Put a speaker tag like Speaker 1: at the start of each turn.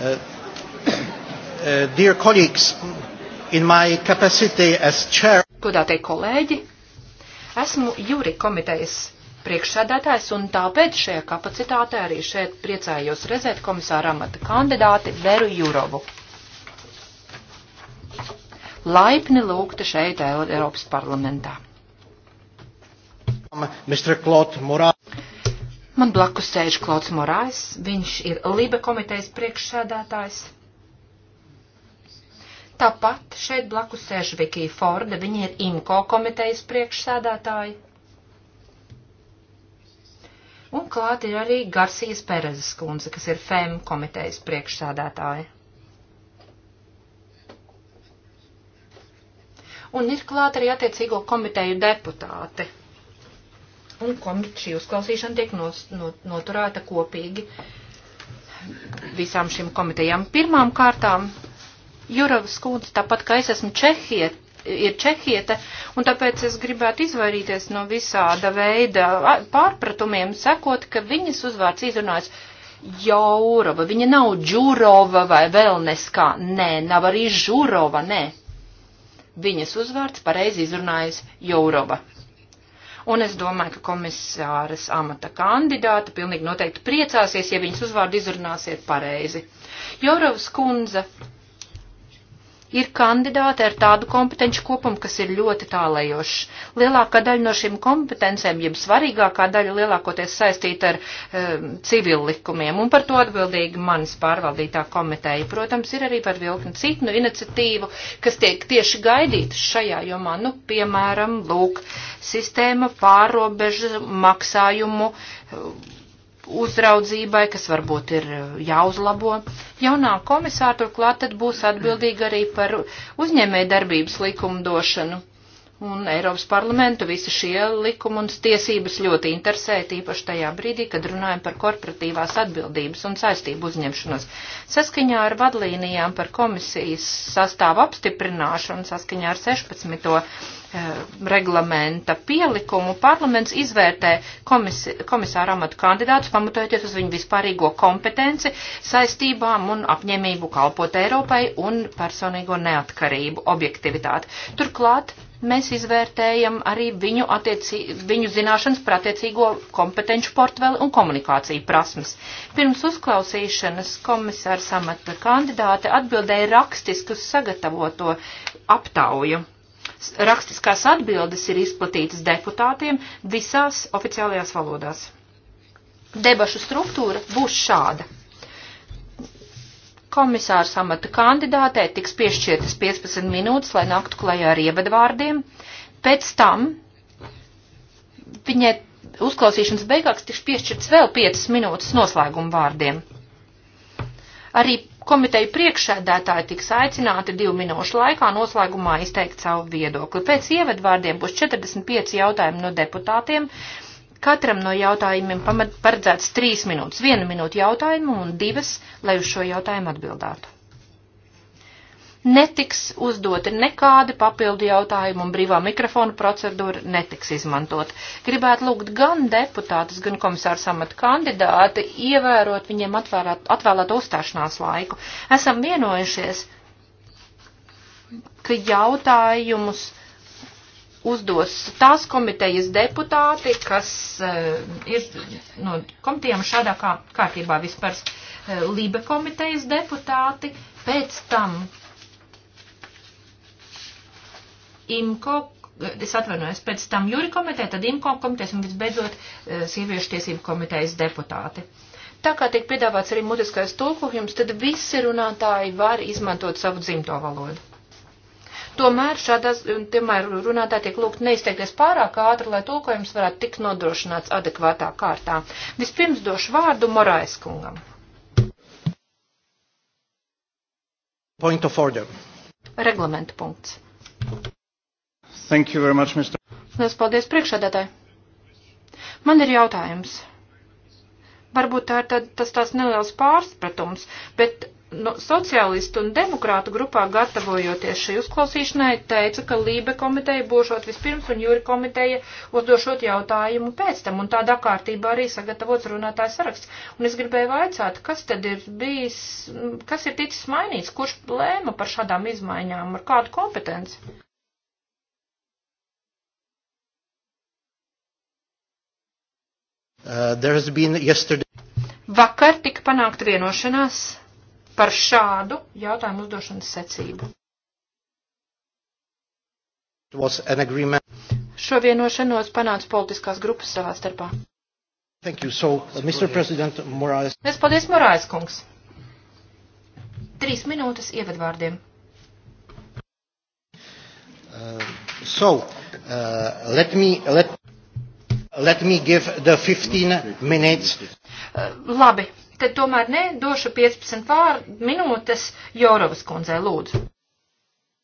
Speaker 1: Uh, uh, dear colleagues, in my capacity as chair. Godātie kolēģi, esmu Jūri komitejas priekšsēdētājs un tāpēc šajā kapacitātē arī šeit priecājos redzēt komisāra amata kandidāti Veru Jurovu. Laipni lūgta šeit Eiropas parlamentā. Mr. Claude Morā. Man blakus sēž Klauds Morājs, viņš ir Libe komitejas priekšsēdētājs. Tāpat šeit blakus sēž Vikija Forda, viņa ir IMCO komitejas priekšsēdētāja. Un klāt ir arī Garcijas Perezes kundze, kas ir FEM komitejas priekšsēdētāja. Un ir klāt arī attiecīgo komiteju deputāti un šī uzklausīšana tiek nos, no, noturēta kopīgi visām šīm komitejām. Pirmām kārtām Juravas kundze, tāpat kā es esmu Čehiet, ir čehiete, un tāpēc es gribētu izvairīties no visāda veida pārpratumiem, sekot, ka viņas uzvārds izrunājas Jaurova, viņa nav Džurova vai vēl neskā, nē, nav arī Žurova, nē. Viņas uzvārds pareizi izrunājas Jaurova un es domāju, ka komisāras amata kandidāta pilnīgi noteikti priecāsies, ja viņas uzvārdu izrunāsiet pareizi. Jorovs kundze ir kandidāti ar tādu kompetenci kopumu, kas ir ļoti tālējošs. Lielākā daļa no šīm kompetencēm, jeb svarīgākā daļa lielākoties saistīta ar e, ehm, civilu likumiem, un par to atbildīgi manis pārvaldītā komiteja. Protams, ir arī par vilkni citu nu, iniciatīvu, kas tiek tieši gaidītas šajā jomā, nu, piemēram, lūk, sistēma pārobežu maksājumu. E, uzraudzībai, kas varbūt ir eh, jāuzlabo. Jaunā komisāra turklāt tad būs atbildīga arī par uzņēmē darbības likumdošanu un Eiropas parlamentu visi šie likumi un tiesības ļoti interesē, tīpaši tajā brīdī, kad runājam par korporatīvās atbildības un saistību uzņemšanos. Saskaņā ar vadlīnijām par komisijas sastāvu apstiprināšanu, saskaņā ar 16. Eh, reglamenta pielikumu, parlaments izvērtē komisi, komisāra amatu kandidātus, pamatojoties uz viņu vispārīgo kompetenci, saistībām un apņēmību kalpot Eiropai un personīgo neatkarību, objektivitāti. Turklāt mēs izvērtējam arī viņu, attiecī, viņu zināšanas par attiecīgo kompetenci portfeli un komunikāciju prasmes. Pirms uzklausīšanas komisāra samata kandidāte atbildēja rakstiski uz sagatavoto aptauju. Rakstiskās atbildes ir izplatītas deputātiem visās oficiālajās valodās. Debašu struktūra būs šāda. Komisāra samata kandidātē tiks piešķirtas 15 minūtes, lai naktu klajā ar ievadvārdiem. Pēc tam viņai uzklausīšanas beigās tiks piešķirts vēl 5 minūtes noslēguma vārdiem. Arī komiteju priekšsēdētāji tiks aicināti divu minūšu laikā noslēgumā izteikt savu viedokli. Pēc ievadvārdiem būs 45 jautājumi no deputātiem, Katram no jautājumiem paredzēts trīs minūtes. Viena minūte jautājumu un divas, lai uz šo jautājumu atbildētu. Netiks uzdoti nekādi papildu jautājumi un brīvā mikrofona procedūra netiks izmantot. Gribētu lūgt gan deputātus, gan komisāru samatu kandidāti ievērot viņiem atvēlēto uzstāšanās laiku. Esam vienojušies, ka jautājumus uzdos tās komitejas deputāti, kas uh, ir no komitejām šādā kā, kārtībā vispār uh, Libe komitejas deputāti, pēc tam IMKO, eh, es atvainojos, pēc tam Juri komiteja, tad IMKO komitejas un visbeidzot uh, sieviešu tiesību komitejas deputāti. Tā kā tiek piedāvāts arī mutiskais tulkojums, tad visi runātāji var izmantot savu dzimto valodu. Tomēr šādās, tomēr runātāji tiek lūgt neizteikties pārāk ātri, lai tulkojums varētu tikt nodrošināts adekvātā kārtā. Vispirms došu vārdu Morais kungam. Point of order. Reglamenta punkts. Thank you very much, Mr. Lielas paldies priekšādātāji. Man ir jautājums. Varbūt tā ir tā, tas tās neliels pārspratums, bet no, nu, sociālistu un demokrātu grupā gatavojoties šai uzklausīšanai, teica, ka Lībe komiteja būšot vispirms un Jūri komiteja uzdošot jautājumu pēc tam, un tādā kārtībā arī sagatavots runātājs saraksts. Un es gribēju vaicāt, kas tad ir bijis, kas ir ticis mainīts, kurš lēma par šādām izmaiņām, ar kādu kompetenci? Uh, Vakar tika panākta vienošanās par šādu jautājumu uzdošanas secību. Šo vienošanos panāca politiskās grupas savā starpā. Thank you. So, uh, Mr. President Morais. Es paldies, Morais kungs. Trīs minūtes ievadvārdiem. Uh, so, uh, let me, let, let me give the 15 minutes. Uh, labi, te tomēr nedošu 15 vārdu minūtes Jorovas kundzei lūdzu.